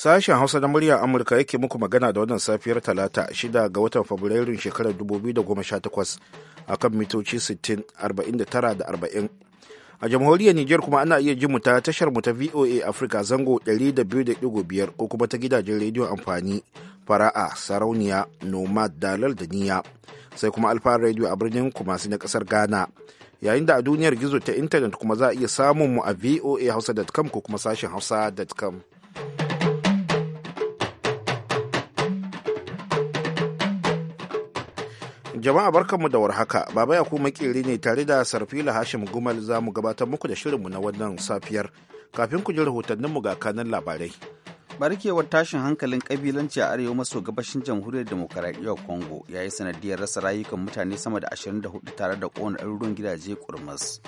Sashen Hausa na murya Amurka yake muku magana da wannan safiyar Talata shida ga watan Fabrairun shekarar 2018 a kan mitoci sittin da 40. A jamhuriyar Nijar kuma ana iya jin mu ta tashar mu ta VOA Africa zango 200.5 ko kuma ta gidajen rediyon amfani fara'a sarauniya nomad dalal da niya sai kuma alfa rediyo a birnin kumasi na kasar ghana yayin da a duniyar gizo ta intanet kuma za a iya samun mu a voa hausa.com ko kuma sashen hausa.com Jama'a barkanmu da warhaka, Baba ya kuma makeri ne tare da Sarfila Hashim Gumal za mu gabatar muku da shirinmu na wannan safiyar. Kafin ku ji rahotanninmu ga kanan labarai. Barkewar tashin hankalin kabilanci a arewa maso gabashin jamhuriyar demokaradiyyar Congo ya yi sanadiyar rasa rayukan mutane sama da 24 tare da kowane ɗaruruwan gidaje kurmas.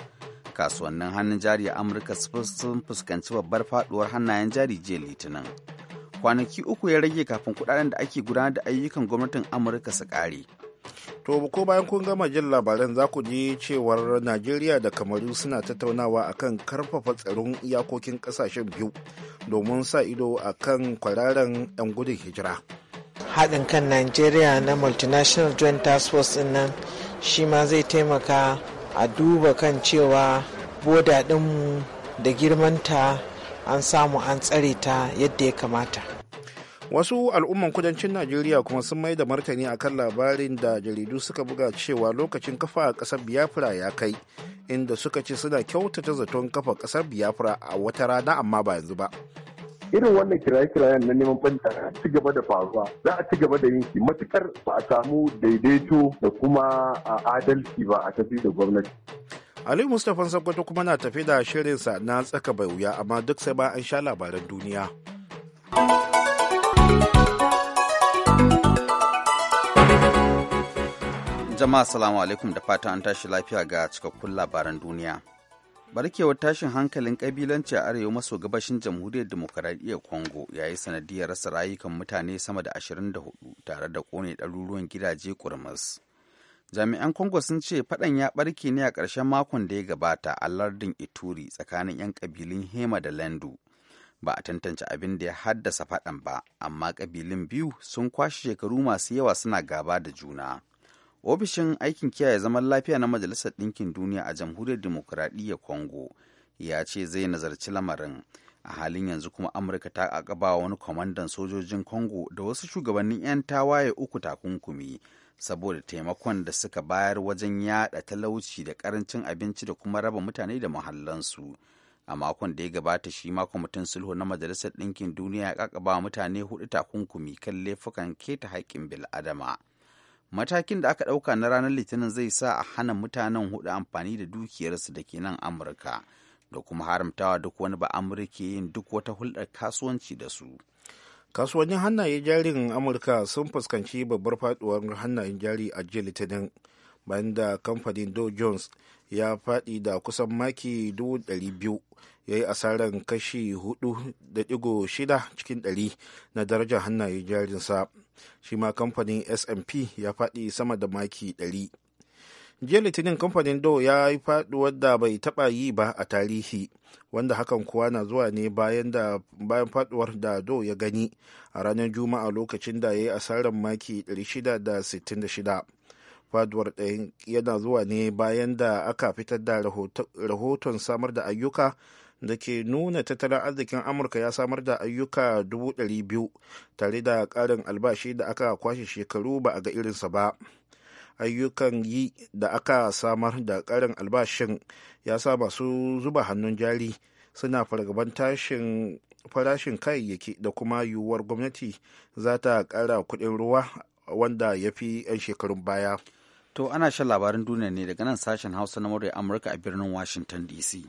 Kasuwannin hannun jari a Amurka sun fuskanci babbar faduwar hannayen jari jiya Litinin. Kwanaki uku ya rage kafin kudaden da ake gudanar da ayyukan gwamnatin Amurka su ƙare. To ko bayan kun gama jin labaran za ku ji cewar Najeriya da Kamaru suna tattaunawa a kan karfafa tsaron iyakokin kasashen biyu domin sa ido a kan kwararren 'yan gudun hijira. Haɗin kan Najeriya na Multinational Joint Task Force nan shi ma zai taimaka a duba kan cewa boda ɗinmu da girmanta an samu an tsare ta yadda ya kamata. wasu al'umman kudancin najeriya kuma sun mai da martani akan labarin da jaridu suka buga cewa lokacin kafa a kasar biafra ya kai inda suka ce suna kyautata zaton kafa kasar biafra a wata rana amma ba yanzu ba irin wannan kiraye-kirayen na neman banta ci gaba da faruwa za a ci gaba da yin shi matukar ba a samu daidaito da kuma adalci ba a tafi da gwamnati Ali Mustapha Sokoto kuma na tafi da shirinsa na tsaka bai wuya amma duk sai ba an sha labaran duniya. jama'a salamu alaikum da fatan an tashi lafiya ga cikakkun labaran duniya. Barkewar tashin hankalin kabilanci a arewa maso gabashin jamhuriyar demokaradiyyar Congo ya yi sanadiyar rasa rayukan mutane sama da 24 tare da kone ɗaruruwan gidaje kurmus. Jami'an Congo sun ce faɗan ya ɓarke ne a ƙarshen makon da ya gabata a lardin Ituri tsakanin 'yan ƙabilun Hema da Lendu. Ba a tantance abin da ya haddasa faɗan ba, amma ƙabilun biyu sun kwashe shekaru masu yawa suna gaba da juna. ofishin aikin kiyaye zaman lafiya na majalisar ɗinkin duniya a jamhuriyar demokuraɗiyyar congo ya ce zai nazarci lamarin a halin yanzu kuma amurka ta akaba wani kwamandan sojojin congo da wasu shugabannin 'yan tawaye uku takunkumi saboda taimakon da suka bayar wajen yada talauci da karancin abinci da kuma raba mutane da muhallansu a makon da ya gabata shi ma kwamitin sulhu na majalisar ɗinkin duniya ya kakaba mutane hudu takunkumi kan laifukan keta haƙƙin bil'adama. adama matakin da aka ɗauka na ranar litinin zai sa a hana mutanen hudu amfani da dukiyarsu da ke nan amurka da kuma haramtawa duk wani ba amurka yin duk wata hulɗar kasuwanci da su kasuwannin hannayen jarin amurka sun fuskanci babbar faduwar hannayen jari a jiya litinin bayan da kamfanin dow jones ya faɗi da kusan maki 200 ya yi asarar kashi 4.6 cikin ɗari na darajar hannaye jarinsa shi ma kamfanin smp ya faɗi sama da maki ɗari jiya litinin kamfanin do ya yi faduwar da bai taɓa yi ba a tarihi wanda hakan kuwa na zuwa ne bayan da bayan faduwar da do ya gani a ranar juma'a lokacin da ya yi asarar maki 666 faduwar ɗayan yana zuwa ne bayan da aka fitar da rahoton samar da ayyuka da ke nuna tattalin arzikin amurka ya samar da ayyuka 200,000 tare da karin albashi da aka kwashe shekaru ba a ga irinsa ba ayyukan yi da aka samar da karin albashin ya sa masu zuba hannun jari suna fargaban tashin farashin kayayyaki da kuma yiwuwar gwamnati za ta kara kudin ruwa wanda ya fi 'yan shekarun baya to ana shan labarin duniya ne daga nan sashen hausa na murya amurka a birnin washington dc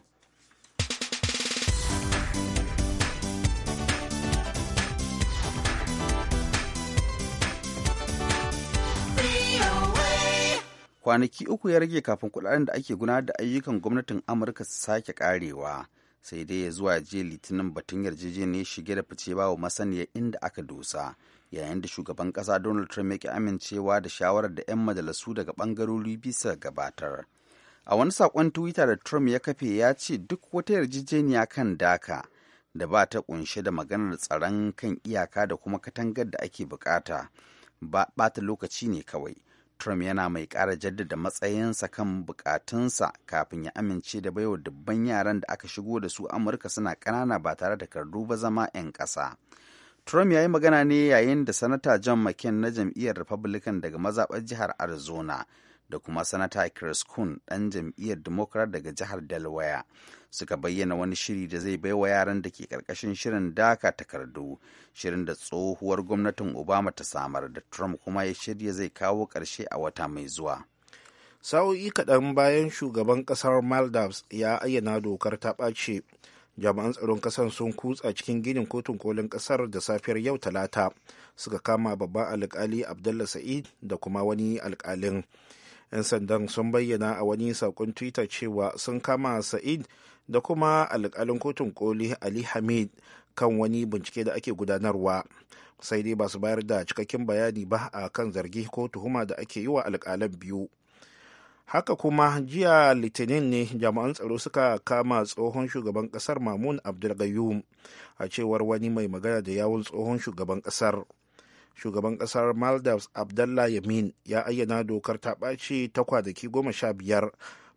kwanaki uku ya rage kafin kudaden da ake gudanar da ayyukan gwamnatin amurka su sake karewa sai dai ya zuwa jiya litinin batun yarjejeniyar shige da fice ba masaniya inda aka dosa yayin da shugaban kasa donald trump ya ki amincewa da shawarar da 'yan majalisu daga bangarori bisa gabatar a wani saƙon twitter da trump ya kafe ya ce duk wata yarjejeniya kan daka da ba ta kunshe da maganar tsaron kan iyaka da kuma katangar da ake bukata ba ta lokaci ne kawai Trump yana mai ƙara jaddada matsayinsa kan bukatunsa kafin ya amince da baiwa dubban yaran da aka shigo da su Amurka suna ƙanana ba tare da kardu ba zama 'yan ƙasa. Trump ya yi magana ne yayin da Sanata John McCain na jam'iyyar Republican daga mazaɓar jihar Arizona da kuma Sanata Chris Kuhn ɗan jam'iyyar Democrat daga jihar Delaware suka bayyana wani shiri da zai baiwa yaran da ke karkashin shirin daka takardu shirin da tsohuwar gwamnatin obama ta samar da trump kuma ya shirya zai kawo karshe a wata mai zuwa sa'o'i kaɗan bayan shugaban ƙasar maldives ya ayyana dokar ta ɓace jami'an tsaron ƙasar sun kutsa cikin ginin kotun kolin ƙasar da safiyar yau talata suka kama babban alkali abdullah sa'id da kuma wani alkalin 'yan sandan sun bayyana a wani saƙon twitter cewa sun kama sa'id da kuma alƙalin kotun koli ali hamid kan wani bincike da ake gudanarwa sai dai ba su bayar da cikakken bayani ba a kan zargi ko tuhuma da ake yi wa alƙalan biyu haka kuma jiya litinin ne jami'an tsaro suka kama tsohon shugaban kasar mamun abdulgayyum a cewar wani mai magana da yawun tsohon shugaban kasar shugaban kasar maldives abdallah yamin ya ayyana dokar ta ɓaci ta kwanaki goma sha biyar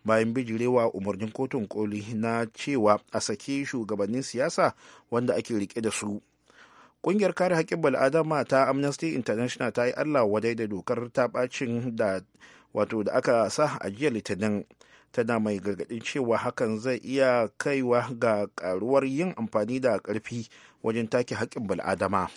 bayan bijirewa umarnin kotun koli na cewa a sake shugabannin siyasa wanda ake rike da su ƙungiyar kare haƙƙin bal'adama ta amnesty international ta yi allah wadai da dokar ta bacin da wato da aka sa a jiya litinin tana mai gargaɗin cewa hakan zai iya kaiwa ga ƙaruwar yin amfani da ƙarfi wajen take haƙƙin bal'adama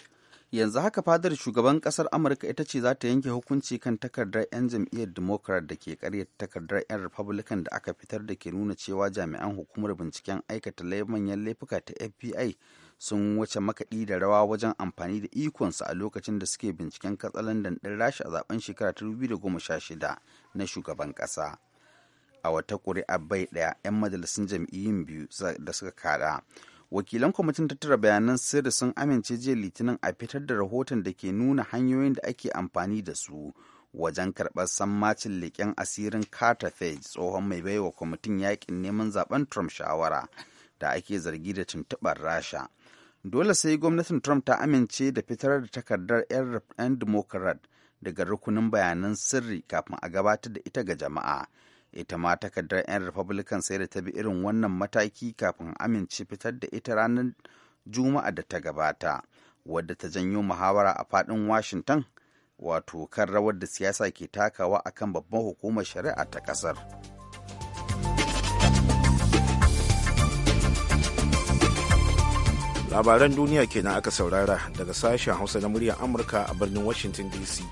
yanzu haka fadar shugaban kasar amurka ita ce za ta yanke hukunci kan takardar 'yan jam'iyyar democrat da ke karyata takardar 'yan republican da aka fitar da ke nuna cewa jami'an hukumar binciken aikata manyan laifuka ta fbi sun wuce makaɗi da rawa wajen amfani da ikonsu a lokacin da suke binciken katsalandan ɗin rashi a zaben shekara 2016 na shugaban ƙasa. a wata ƙuri'a bai ɗaya 'yan majalisun jam'iyyun biyu da suka kada wakilan kwamitin tattara bayanan sirri sun amince jiya litinin a fitar da rahoton da ke nuna hanyoyin da ake amfani da su wajen karɓar sammacin leƙen asirin carter page tsohon mai baiwa kwamitin yaƙin neman zaben trump shawara da ake zargi da tuntuɓar rasha dole sai gwamnatin trump ta amince da fitar da takardar 'yan democrat daga rukunin bayanan sirri kafin a gabatar da ita ga jama'a ita ma takardar 'yan republican sai da ta bi irin wannan mataki kafin amince fitar da ita ranar juma'a da ta gabata wadda ta janyo muhawara a fadin washington wato kan rawar da siyasa ke takawa a kan babban hukumar shari'a ta kasar. labaran duniya kenan aka saurara daga sashen hausa na muryar amurka a birnin washington dc.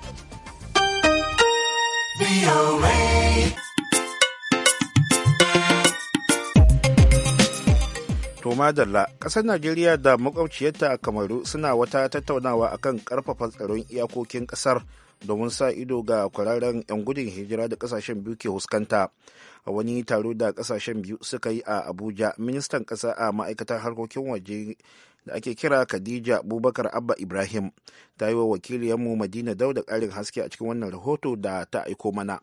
To madalla, ƙasar Najeriya da makwabciyarta a Kamaru suna wata tattaunawa akan ƙarfafa tsaron iyakokin ƙasar domin sa ido ga kwararren 'yan gudun hijira da ƙasashen biyu ke huskanta. A wani taro da ƙasashen biyu suka yi a Abuja, ministan ƙasa a ma'aikatar harkokin waje da ake kira Khadija Abubakar Abba Ibrahim ta yi wa wakiliyarmu Madina da ƙarin haske a cikin wannan rahoto da ta aiko mana.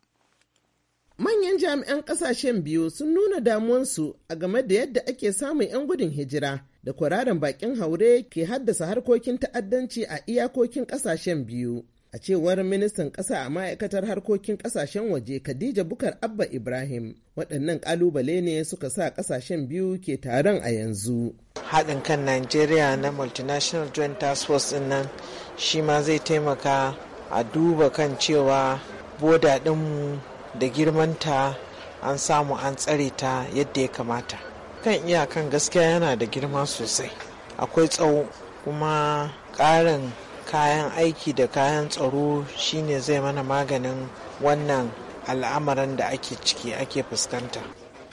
Manyan jami'an ƙasashen biyu sun nuna damuwansu a game da yadda ake samun 'yan gudun hijira da kwararan bakin haure ke haddasa harkokin ta'addanci a iyakokin ƙasashen biyu. A cewar ministan ƙasa a ma'aikatar harkokin ƙasashen waje Khadija Bukar Abba Ibrahim, waɗannan ƙalubale ne suka sa ƙasashen biyu ke taron a yanzu. Haɗin kan Najeriya na Multinational Joint Task Force nan shi ma zai taimaka a duba kan cewa boda ɗinmu da girmanta an samu an tsare ta yadda ya kamata kan iyakan gaskiya yana da girma sosai akwai tsawo kuma ƙarin kayan aiki da kayan tsaro shine zai mana maganin wannan al'amarin da ake ciki ake fuskanta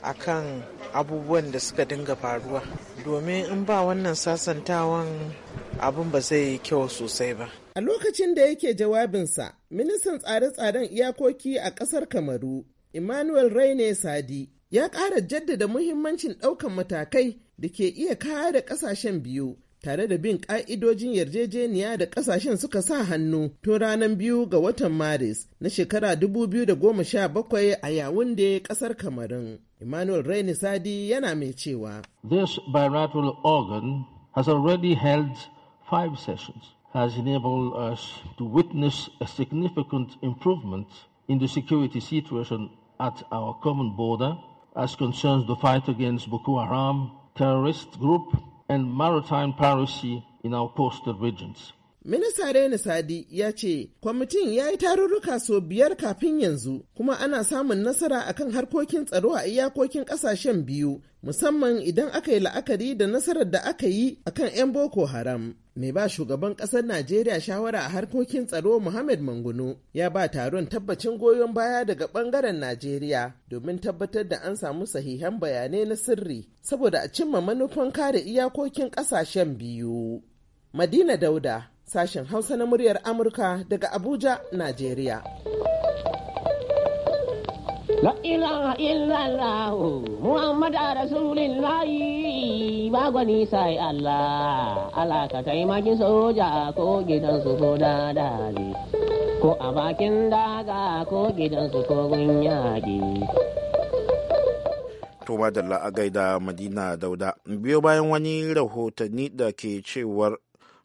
akan abubuwan da suka dinga faruwa domin in ba wannan sasantawan abin ba zai yi kyau sosai ba. A lokacin da yake jawabinsa, ministan tsare-tsaren iyakoki a ƙasar Kamaru, Emmanuel Raine Sadi, ya ƙara jaddada muhimmancin ɗaukan matakai da ke iya kare ƙasashen biyu tare da bin ƙa'idojin yarjejeniya da ƙasashen suka sa hannu tun ranar biyu ga watan maris na shekara 2017 a yawun da ƙasar kamarin emmanuel Raine sadi yana mai cewa this bilateral organ has already held five sessions has enabled us to witness a significant improvement in the security situation at our common border as concerns the fight against Boko Haram, terrorist group, and maritime piracy in our coastal regions. Minista Reni Sadi ya ce, kwamitin ya yi tarurruka sau biyar kafin yanzu kuma ana samun nasara akan harkokin tsaro a iyakokin ƙasashen biyu, musamman idan aka yi la'akari da nasarar da aka yi akan 'yan Boko Haram. mai ba shugaban ƙasar najeriya shawara a harkokin tsaro muhammad mangunu ya ba taron tabbacin goyon baya daga ɓangaren najeriya domin tabbatar da an samu sahihan bayanai na sirri saboda a cimma manufan kare iyakokin ƙasashen biyu madina dauda sashen hausa na muryar amurka daga abuja najeriya La ilaha illallah Muhammad Rasulullah ba gwani sai Allah ala ka taimaki soja ko gidan su ko dadali ko a bakin daga ko gidan su ko gunyaki. To madalla a gaida Madina Dauda biyo bayan wani rahotanni da ke cewa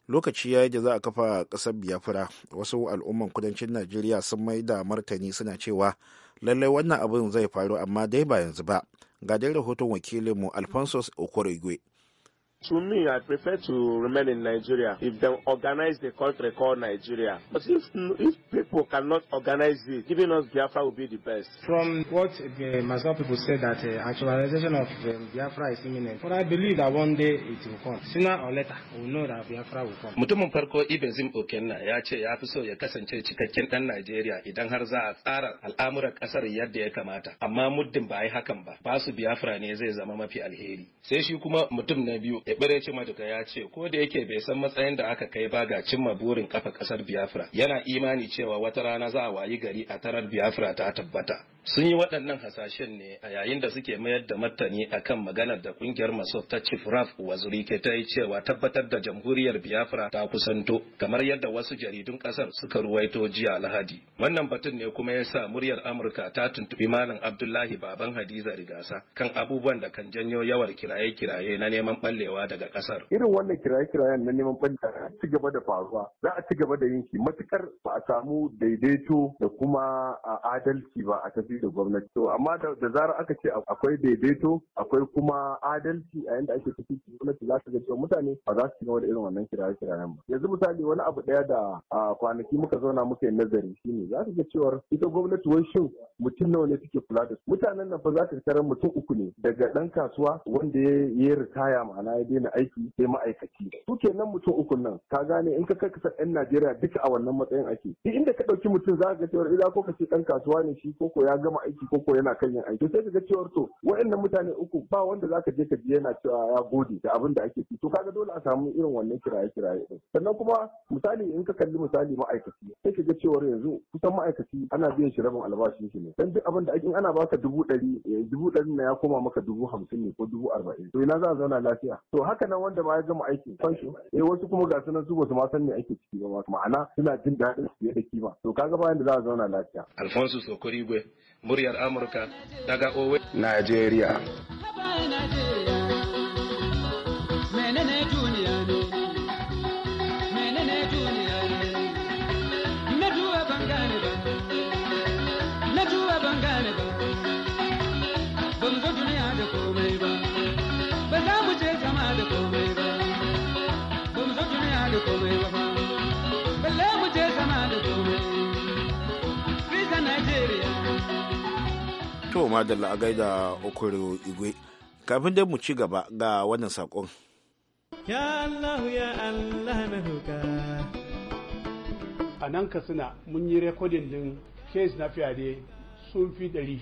lokaci ya yi da za a kafa ƙasar Biafra wasu al'umman kudancin Najeriya sun mai da martani suna cewa lallai wannan abin zai faru amma dai ba yanzu ba ga dai rahoton wakilinmu alphonsus okorigwe To me, I prefer to remain in Nigeria if they organize the country called Nigeria. But if, if people cannot organize it, giving us Biafra will be the best. From what the uh, Mazda people said that uh, actualization of um, Biafra is imminent, but I believe that one day it will come. Sooner or later, we know that Biafra will come. Mutumin farko Ibenzim Okenna ya ce ya fi so ya kasance cikakken dan Najeriya idan har za a tsara al'amuran ƙasar yadda ya kamata. Amma muddin ba a yi hakan ba, basu Biafra ne zai zama mafi alheri. Sai shi kuma mutum na biyu Ebere Chimaduga ya ce ko da yake bai san matsayin da aka kai ba ga cimma burin kafa kasar Biafra yana imani cewa wata rana za a wayi gari a tarar Biafra ta tabbata. Sun yi waɗannan hasashen ne a yayin da suke mayar da martani akan maganar da ƙungiyar Maso ta Chief Raf Wazurike ta yi cewa tabbatar da jamhuriyar Biafra ta kusanto kamar yadda wasu jaridun ƙasar suka ruwaito jiya Lahadi. Wannan batun ne kuma ya sa muryar Amurka ta tuntubi Malam Abdullahi Baban Hadiza Rigasa kan abubuwan da kan janyo yawar kiraye-kiraye na neman ɓallewa fitowa daga kasar. Irin wannan kiraye-kirayen na neman a ci gaba da faruwa za a ci gaba da yin shi matukar ba a samu daidaito da kuma adalci ba a tafi da gwamnati. To amma da zarar aka ce akwai daidaito akwai kuma adalci a yanda ake tafi gwamnati za ka ga cewa mutane ba za su ci gaba da irin wannan kiraye-kirayen ba. Yanzu misali wani abu ɗaya da kwanaki muka zauna muka yi nazari shine za ka ga cewar ita gwamnati wai shin mutum nawa ne suke kula da su. Mutanen nan fa za ta tarar mutum uku ne daga ɗan kasuwa wanda ya yi ritaya ma'ana daina aiki sai ma'aikaci su nan mutum uku nan ka gane in ka kai kasar yan najeriya duka a wannan matsayin ake duk inda ka ɗauki mutum za ka ga cewar idan ko ka ce ɗan kasuwa ne shi ko ko ya gama aiki ko ko yana kan yin aiki sai ka ga cewar to waɗannan mutane uku ba wanda za ka je ka ji yana cewa ya gode da abin da ake ci to kaga dole a samu irin wannan kiraye kiraye din sannan kuma misali in ka kalli misali ma'aikaci sai ka ga cewar yanzu kusan ma'aikaci ana biyan shi rabin albashin shi ne dan duk abin da ake ana baka dubu ɗari eh, dubu ɗari na ya koma maka dubu hamsin ne ko dubu arba'in to ina za a zauna lafiya to to haka nan wanda ma ya gama aikin fansho eh wasu kuma ga sunan su basu ma san me ake ciki ba ma'ana suna jin daɗin su fiye da kima to kaga bayan da za a zauna lafiya Alfonso Sokorigwe muryar Amurka daga Owe Najeriya Menene duniya ne ma da la'agai da okoro igwe kafin dai mu ci gaba ga wannan saƙon. ya allah ya allah na huka. a nan ka suna mun yi rekodin din kes na fiyade sun fi ɗari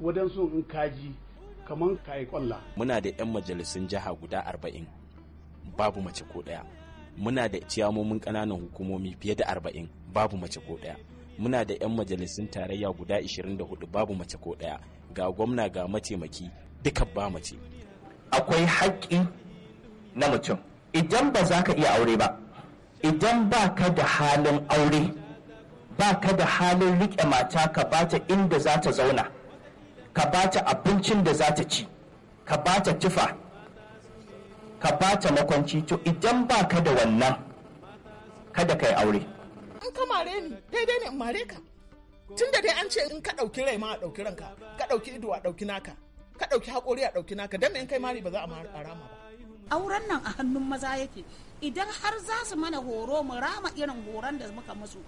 wadansu in kaji kamar yi kwalla muna da 'yan majalisun jiha guda arba'in babu mace ko ɗaya muna da ciyamomin ƙananan hukumomi fiye da arba'in babu mace ko ɗaya muna da 'yan majalisun tarayya guda 24 babu mace ko ɗaya ga gwamna ga mataimaki duka ba mace akwai haƙƙi na mutum idan ba za ka iya aure ba idan ba ka da halin aure ba ka da halin riƙe mata ka bata inda za ta zauna ka bata abincin da za ta ci ka bata tufa ka bata makwanci to idan ba ka da wannan kada ka yi aure in ka mare ni daidai ne in mare ka tun da dai an ce in ka ɗauki rai ma a ɗauki ranka ka ɗauki ido a ɗauki naka ka ɗauki haƙori a ɗauki naka dan in kai mari ba za a rama ba auren nan a hannun maza yake idan har za su mana horo mu rama irin horon da muka musu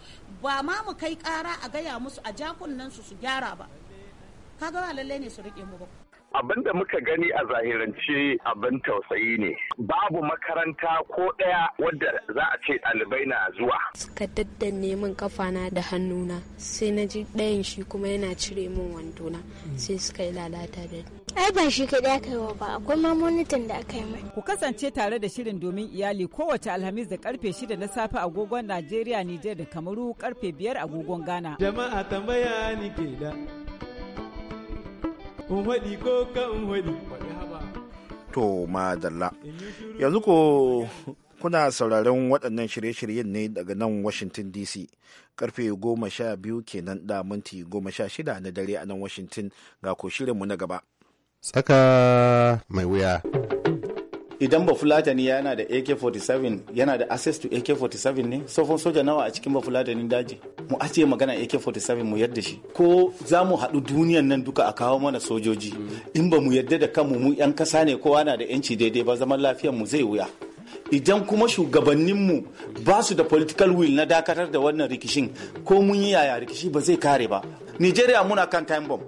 ba ma mu kai ƙara a gaya musu a jakunan su su gyara ba kaga ba lallai ne su riƙe mu ba abin da muka gani a zahirance abin tausayi ne babu makaranta ko ɗaya wadda za a ce ɗalibai na zuwa suka neman neman kafana da hannuna sai na ji ɗayan shi kuma yana cire min wandona sai suka yi lalata da ni ai ba shi ka aka ba akwai mamonitan da aka yi mai ku kasance tare da shirin domin iyali kowace alhamis da karfe shida na safe agogon najeriya nijar da kamaru karfe biyar agogon ghana jama'a tambaya ni ke da in ko to madalla yanzu ko kuna sauraron waɗannan shirye-shiryen ne daga nan washington dc karfe goma sha biyu kenan da minti goma sha shida na dare a nan washington ga ko shirinmu na gaba tsaka mai wuya idan ba yana da AK47 yana da access to AK47 ne tsofon soja nawa a cikin ba daji mu ace magana AK47 mu yadda shi ko za mu haɗu duniyan nan duka a kawo mana sojoji in ba mu yadda da kanmu mu yan kasa ne kowa na da yanci daidai ba zaman lafiyar mu zai wuya idan kuma shugabanninmu ba su da political will na dakatar da wannan rikishin ko mun yi yaya rikishi ba zai kare ba nigeria muna kan time bomb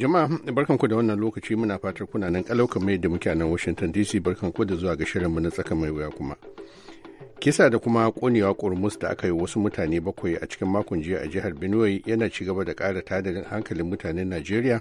Jama'a barkanku da wannan lokaci muna fatar kuna nan kalau mai da muke a nan Washington DC barkanku da zuwa ga shirinmu na tsaka mai wuya kuma. Kisa da kuma konewa kurmus da aka yi wasu mutane bakwai a cikin makon jiya a jihar Benue yana ci gaba da kara tadarin hankalin mutanen Najeriya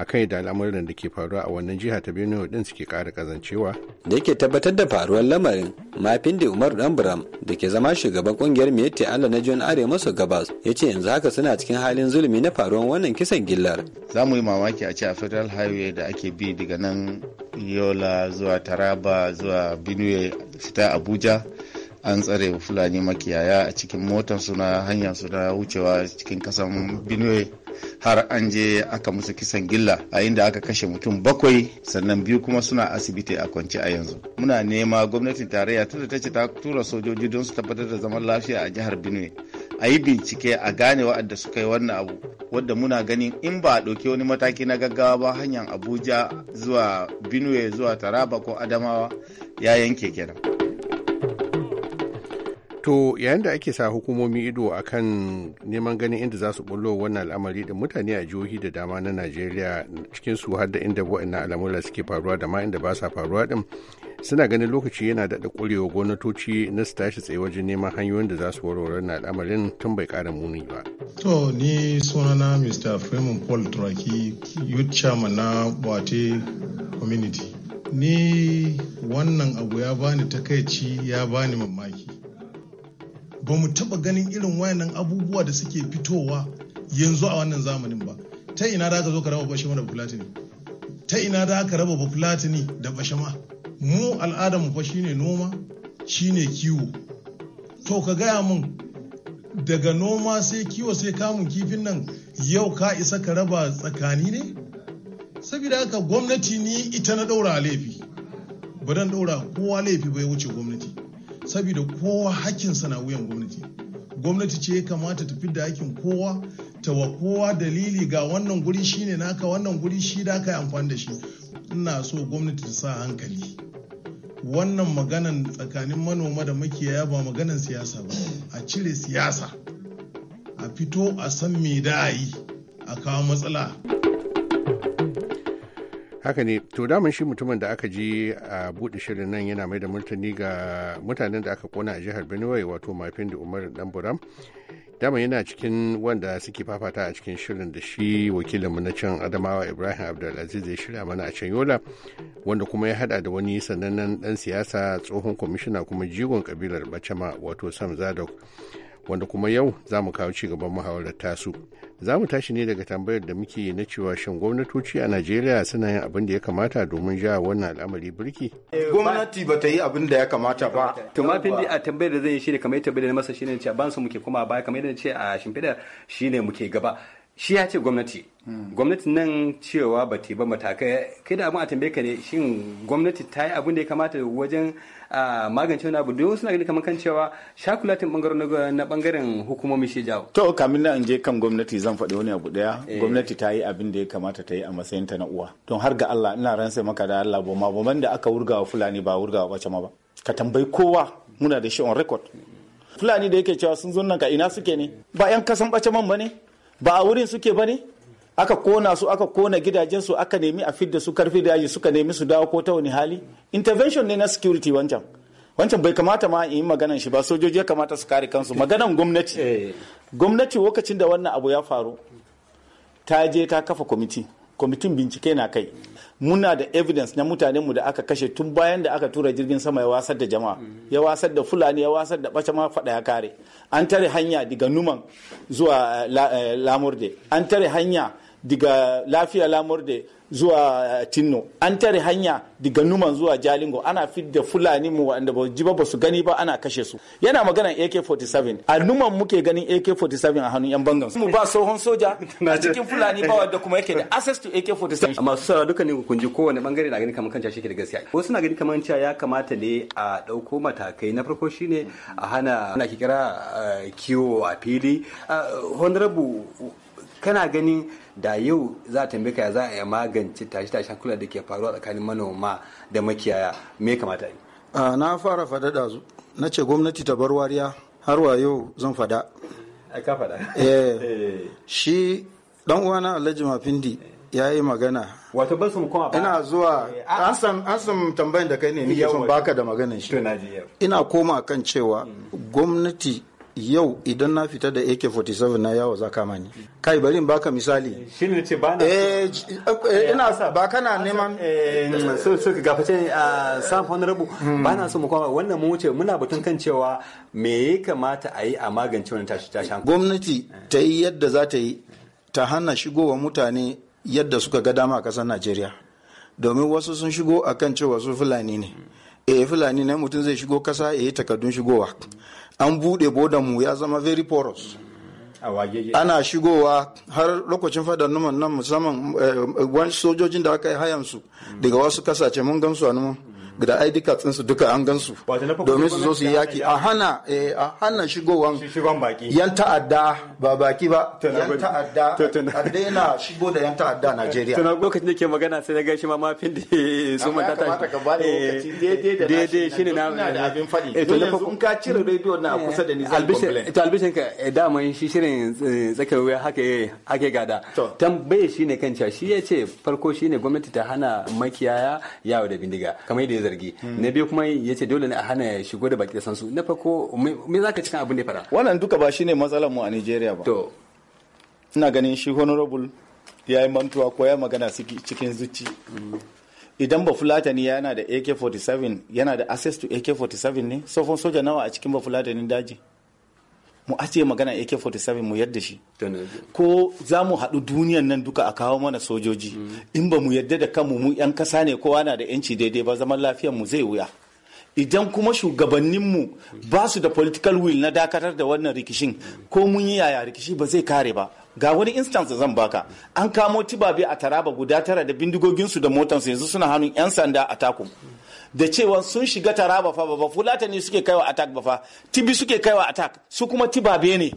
A kai da al'amuran da ke faruwa a wannan jiha ta Benue din suke kara kazancewa. Da yake tabbatar da faruwar lamarin, da Umar Danbram" da ke zama shugaban kungiyar mete ala na John Are maso gabas ya ce yanzu haka suna cikin halin zulumi na faruwar wannan kisan gillar. Za mu yi mamaki a ce a Federal Highway da ake bi daga nan Yola zuwa Taraba zuwa Benue fita Abuja an tsare fulani makiyaya a cikin motar suna hanyar su na wucewa cikin kasan benue har an je aka musu kisan gilla a inda aka kashe mutum bakwai sannan biyu kuma suna asibiti a kwance a yanzu muna nema gwamnatin tarayya tunda ta ce ta tura sojoji don su tabbatar da zaman lafiya a jihar benue a yi bincike a gane wa'adda suka yi wannan abu wadda muna ganin in ba a ɗauki wani mataki na gaggawa ba hanyar abuja zuwa benue zuwa taraba ko adamawa ya yanke kenan. To yayin da ake sa hukumomi ido a kan neman ganin inda za su bullo wannan al'amari da mutane a jihohi da dama na Najeriya cikin su har da inda waɗannan al'amura suke faruwa da ma inda ba sa faruwa din suna ganin lokaci yana daɗa ƙurewa gwamnatoci na su tashi tsaye wajen neman hanyoyin da za su warware wannan al'amarin tun bai ƙara muni ba. To ni sunana Mr. Freeman Paul Turaki youth chairman na Bwate community. Ni wannan abu ya bani takaici ya bani mamaki. ba mu taɓa ganin irin wayannan abubuwa da suke fitowa yanzu a wannan zamanin ba ta ina da aka zo ka raba bashema da fulatini ta ina da aka raba fulatini da bashema mu al'adarmu fa shine noma shine kiwo to ka gaya mun daga noma sai kiwo sai kamun kifin nan yau ka isa ka raba tsakani ne saboda haka gwamnati ni ita na ɗaura laifi ba dan ɗaura kowa laifi bai wuce gwamnati saboda kowa hakkin na wuyan gwamnati gwamnati ce ya kamata ta fidda hakkin kowa ta wa kowa dalili ga wannan guri shine naka wannan guri shi da yi amfani da shi ina so gwamnati ta sa hankali wannan maganan tsakanin manoma da makiyaya ba maganan siyasa ba a cire siyasa a fito a san me da a a kawo matsala. haka ne to daman shi mutumin da aka je a buɗe shirin nan yana mai da martani ga mutanen da aka kona a jihar benue wato mafin da umar dan buram dama yana cikin wanda suke fafata a cikin shirin da shi wakilinmu na can adamawa ibrahim abdulaziz ya shirya mana a can yola wanda kuma ya hada da wani sanannen dan siyasa tsohon kwamishina kuma jigon kabilar bacama wato sam zadok wanda kuma yau za mu kawo ci gaban muhawarar tasu za mu tashi ne daga tambayar da muke na cewa shin gwamnatoci a najeriya suna yin abin da ya kamata domin ja wannan al'amari birki gwamnati ba ta yi abin da ya kamata ba to ma fi a tambayar da zan yi shi ne kamar yadda na masa shi ne ce ban su muke kuma baya kamar yadda ce a shi ne muke gaba shi ya ce gwamnati gwamnati nan cewa ba ta ba matakai kai da abin a tambaye ka ne shin gwamnati ta yi abin da ya kamata wajen magance wani abu don suna gani kamar kan cewa shakulatin bangaren na bangaren hukumomi shi jawo to kamin na in je kan gwamnati zan faɗi wani abu daya eh. gwamnati ta yi abin da ya kamata ta yi a matsayin ta na uwa don har ga Allah ina ran ransa maka da Allah boma boman da aka wurgawa fulani ba wurgawa bace ma ba ka tambayi kowa muna da shi on record fulani da yake cewa sun zo nan ka ina suke ne ba yan kasan bace man ba ne ba a wurin suke ba ne aka kona su aka kona gidajensu aka nemi a fidda su karfi da yaji suka nemi su dawo ko ta wani hali intervention ne na security wancan wancan bai kamata ma in yi maganan shi ba sojoji ya kamata su kare kansu maganan gwamnati eh. gwamnati lokacin da wannan abu ya faru ta je ta kafa kwamiti kwamitin bincike na kai muna da evidence na mu da aka kashe tun bayan da aka tura jirgin sama ya wasar da jama'a ya wasar da fulani ya wasar da bace ma fada ya kare an tare hanya daga numan zuwa eh, eh, lamurde an tare hanya daga lafiya lamurde zuwa eh, tinno an tare hanya daga numan zuwa jalingo ana fidda fulani mu wanda ba ji ba su gani ba ana kashe su yana magana AK47 a numan muke ganin AK47 a hannun yan bangan mu ba sohon soja a cikin fulani ba wanda kuma yake da access to AK47 amma su sara duka ne kunji ji kowane bangare na gani kamar kanta shi ke da gaskiya wasu na gani kamar cewa ya kamata ne a dauko matakai na farko shine a hana ana kira eh, kiwo a fili eh, honorable kana ganin da yau za a tambaye za a magance tashe-tashen kula da ke faruwa tsakanin manoma da makiyaya me kamata yi na fara fada dazu na ce gwamnati ta bar wariya har wa yau zan fada ka fada eh. eh shi dan uwana Alhaji Mafindi ya yi magana wato ba su koma ba ina zuwa eh, an ah. san an san tambayan da kai ne nike son baka da maganin shi ina koma kan cewa mm. gwamnati yau idan na fita da AK47 na yawo za kama ni kai bari in baka misali eh, ne ce ba na eh, eh, eh ina ba kana neman so so ka gaface a ah, sam honorable hmm. ba na so mu koma wannan mu wuce muna batun kan cewa me ya kamata a yi a magance wannan tashi tashi gwamnati ta yi yadda za ta yi ta hana shigowa mutane yadda suka ga dama a kasar Najeriya domin wasu sun shigo akan cewa su Fulani ne eh Fulani ne mutum zai shigo kasa ya yi takardun shigowa an buɗe mu ya zama very porous ana shigowa har lokacin fadar numan nan musamman eh, eh, sojojin da aka yi hayansu daga wasu kasace mun gamsu. a numan da ID cards ɗinsu duka an gansu domin su zo su yi yaki a hana eh, a hana shigowan yan ta'adda ba baki ba yan ta'adda a daina shigo da yan ta'adda Najeriya tana lokacin da ke magana sai na gashi ma mafin da su mata ta kamata ka bada eh, lokaci daidai shine na da abin fadi eh, to yanzu in ka cire rediyo na kusa da ni zan complain albishin ka daman shi shirin tsakar wuya haka haka gada tambaye shine kan cewa farko shine gwamnati ta hana makiyaya yawo da bindiga kamar yadda zargi na biyu kuma ya ce dole ne a hana shigo da baki da sansu na farko me za ka cikin abin da ya fara wannan duka ba shine matsalar mu a Nigeria ba to ina ganin shi honorable ya yi mantuwa ko ya magana cikin zuci idan ba fulatani yana da AK47 yana da access to AK47 ne sofon soja nawa a cikin ba daji mu ajiye magana AK47 mu yadda shi ko za mu haɗu duniyan nan duka a kawo mana sojoji mm. in ba mu yadda da kanmu mu 'yan kasa ne kowa na da 'yanci daidai ba zaman lafiyar mu zai wuya idan kuma shugabanninmu ba su da political will na dakatar da wannan rikishin ko mun yi yaya rikishi ba zai kare ba ga wani instance zan baka an kamo tibabe a taraba guda tara da bindigoginsu da motansu yanzu suna hannun 'yan sanda a takum da cewa sun shiga tara ba fa ba fulatani suke kaiwa attack ba fa tibi suke kaiwa attack su kuma tibabe ne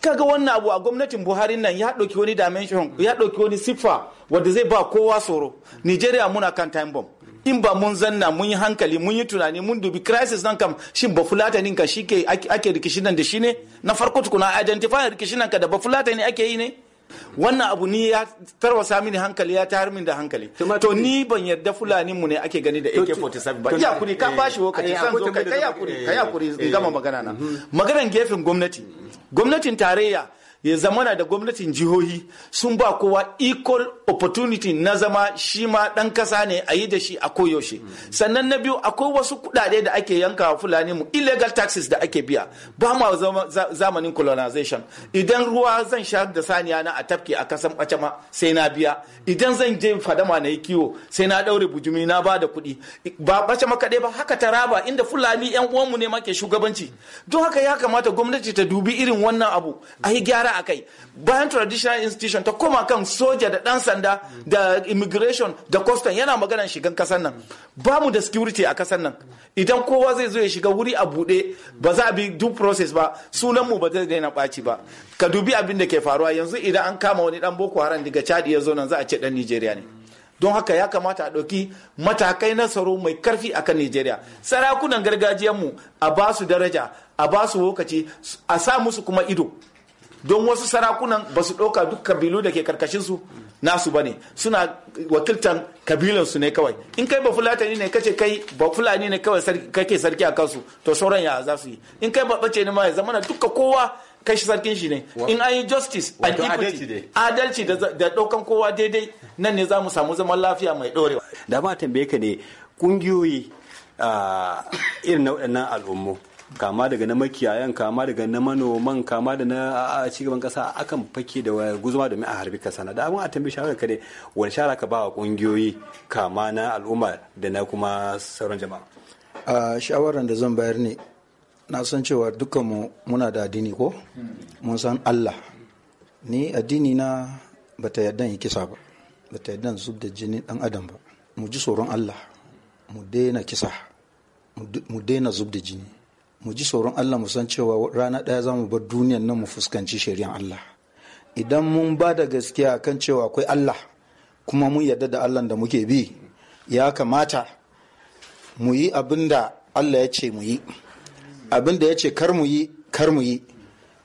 kaga wannan abu a gwamnatin buhari nan ya ɗauki wani dimension ya ɗauki wani siffa wanda zai ba kowa tsoro nigeria muna kan time bomb in ba mun zanna mun yi hankali mun yi tunani mun dubi crisis nan kam shin ba fulatani ka shi ake rikishin nan da shi ne na farko tukuna identify rikishin nan ka da ba fulatani ake yi ne wannan abu ni ya tarwasa mini hankali ya tayar min da hankali to ni ban yarda fulani mu ne ake gani da AK47 ba ya kuri ka eh, bashi lokaci san eh, zo kai kai ya kuri ka ya kuri eh, gama magana na mhm. maganan gefen gwamnati gwamnatin tarayya ya zamana da gwamnatin jihohi sun ba kowa equal opportunity na zama shi ma ɗan kasa ne a yi da shi a koyaushe sannan na biyu akwai wasu kuɗaɗe da ake yanka fulani mu illegal taxes da ake biya ba ma zamanin colonization idan ruwa zan sha da saniya na a tafki a kasan ɓacama sai na biya idan zan je fadama na yi kiwo sai na ɗaure bujumi na ba da kuɗi ba ɓacama kaɗai ba haka ta raba inda fulani yan uwanmu ne ma ke shugabanci don haka ya kamata gwamnati ta dubi irin wannan abu a yi gyara a kai bayan traditional institution ta koma kan soja da dan sanda da immigration da custom yana maganan shigan kasar nan ba mu da security a kasar nan idan kowa zai zo ya shiga wuri a bude ba za a bi duk process ba sunan mu ba zai daina baci ba ka dubi abin da ke faruwa yanzu idan an kama wani ɗan boko haram daga chad ya zo nan za a ce dan nigeria ne don haka ya kamata a ɗauki matakai na tsaro mai karfi a kan nigeria sarakunan gargajiyanmu a ba su daraja a ba su lokaci a sa musu kuma ido don wasu sarakunan ba su ɗauka duk kabilu da ke karkashin su nasu bane suna wakiltan kabilan su ne kawai in kai ba fulani ne kace kai ba fulani ne kawai kake sarki a kansu to sauran ya za su yi in kai ba bace ne ma ya zama na duka kowa kai shi sarkin shi ne in an yi justice and equity adalci da ɗaukan kowa daidai nan ne za mu samu zaman lafiya mai ɗorewa da ma tambaye ka ne ƙungiyoyi ah, irin na waɗannan al'ummu kama daga na makiyayan kama daga na manoman kama da na cigaban kasa akan fake da guzuma domin a harbi kasa na da abin a tambayi shawara kare wani shara ka ba wa kungiyoyi kama na al'umma da na kuma sauran jama'a a shawarar da zan bayar ne na san cewa dukkanmu muna da addini ko mun san Allah ni addini na bata yadda yi kisa ba bata yadda zub da jinin dan adam ba mu ji tsoron Allah mu daina kisa mu daina zub da jini mu ji tsoron Allah mu san cewa rana ɗaya za mu bar duniyan nan mu fuskanci shari'an Allah idan mun ba da gaskiya kan cewa akwai Allah kuma mun yarda da Allah da muke bi ya kamata mu yi abin da Allah ya ce mu yi abin da ya ce kar mu yi kar mu yi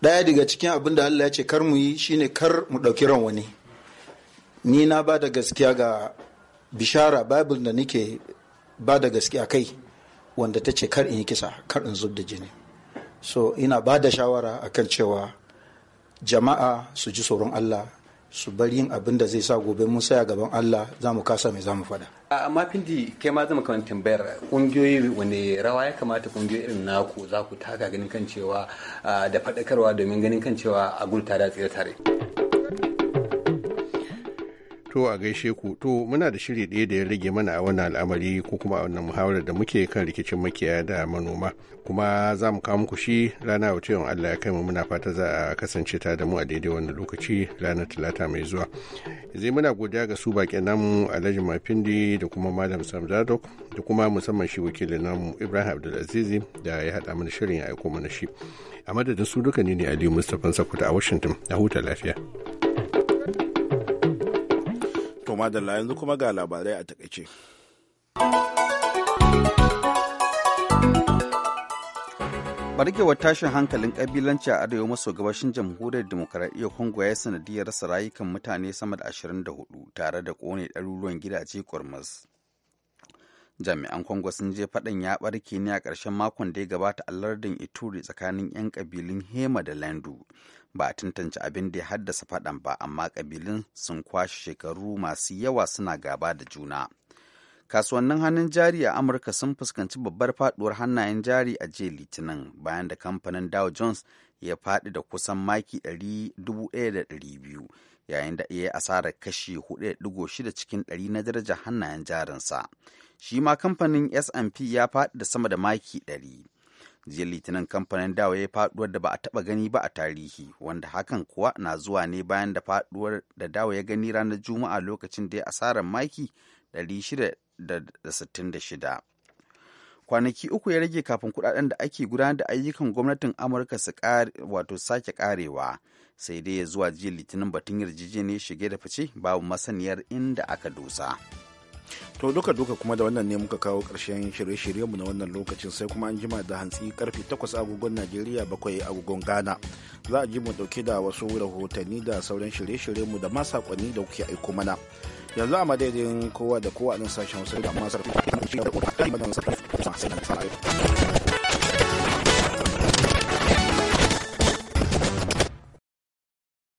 ɗaya daga cikin abin da Allah ya ce kar mu yi shine kar mu ɗauki ran wani ni na ba da gaskiya ga bishara bible da nake ba da gaskiya kai wanda ta ce kar in yi kisa kar in zub da jini so ina ba da shawara a kan cewa jama'a su ji tsoron allah su bar yin abin da zai sa gobe mun saya gaban allah za mu kasa mai za mu faɗa. amma findi kai ma zama kamar tambayar ƙungiyoyi wani rawa ya kamata kungiyoyi irin naku za ku taka ganin kan cewa da faɗakarwa domin ganin kan cewa a gulta da tsira tare. To a gaishe ku to muna da shiri ɗaya da ya rage mana a wannan al'amari ko kuma a wannan muhawarar da muke kan rikicin makiyaya da manoma kuma za mu kawo muku shi rana wace yawan Allah ya kai mu muna fata za a kasance ta da mu a daidai wannan lokaci ranar talata mai zuwa. Zai muna godiya ga su baƙin namu Alhaji Mafindi da kuma Malam Sam Zadok da kuma musamman shi wakilin namu Ibrahim Abdulazizi da ya haɗa mana shirin ya aiko mana shi. A madadin su duka ne ne Aliyu Mustapha Sakuta a Washington a huta lafiya. To madalla yanzu kuma ga labarai a takaice. barkewar tashin hankalin kabilanci a arewa maso gabashin jamhuriyar demokaradiyya kongo ya sanadiyar rasa rayukan mutane sama da 24 tare da kone ɗaruruwan gidaje kurmus jami'an kongo sun je faɗin ya ɓarke ne a ƙarshen makon da ya gabata a lardin ituri tsakanin 'yan kabilun hema da landu ba a tantance abin da ya haddasa faɗan ba amma kabilun sun kwashe shekaru masu yawa suna gaba da juna kasuwannin hannun jari a amurka sun fuskanci babbar faduwar hannayen jari a jiya litinin bayan da kamfanin dow jones ya faɗi da kusan maki 1,200 yayin da iya asarar kashi 4.6 cikin 100 na darajar hannayen jarinsa shi ma kamfanin S&P ya faɗi da sama da maki 100 jiya litinin kamfanin dawa ya faduwar da ba a taba gani ba a tarihi wanda hakan kuwa na zuwa ne bayan da faduwar da dawa ya gani ranar juma'a lokacin da ya asarar maki 666 kwanaki uku ya rage kafin kudaden da ake gudanar da ayyukan gwamnatin amurka su wato sake karewa sai dai ya zuwa jiya litinin batun yarjejeniyar shige da fice babu masaniyar inda aka dosa. to duka duka kuma da wannan ne muka kawo ƙarshen shirye-shiryenmu na wannan lokacin sai kuma an jima da hantsi karfe 8 agogon najeriya bakwai agogon ghana za a ji mu dauke da wasu rahotanni da sauran shirye-shiryenmu da masu sakonni da kuke aiko mana yanzu a madadin kowa da kowa a nan sashen wasu da masar da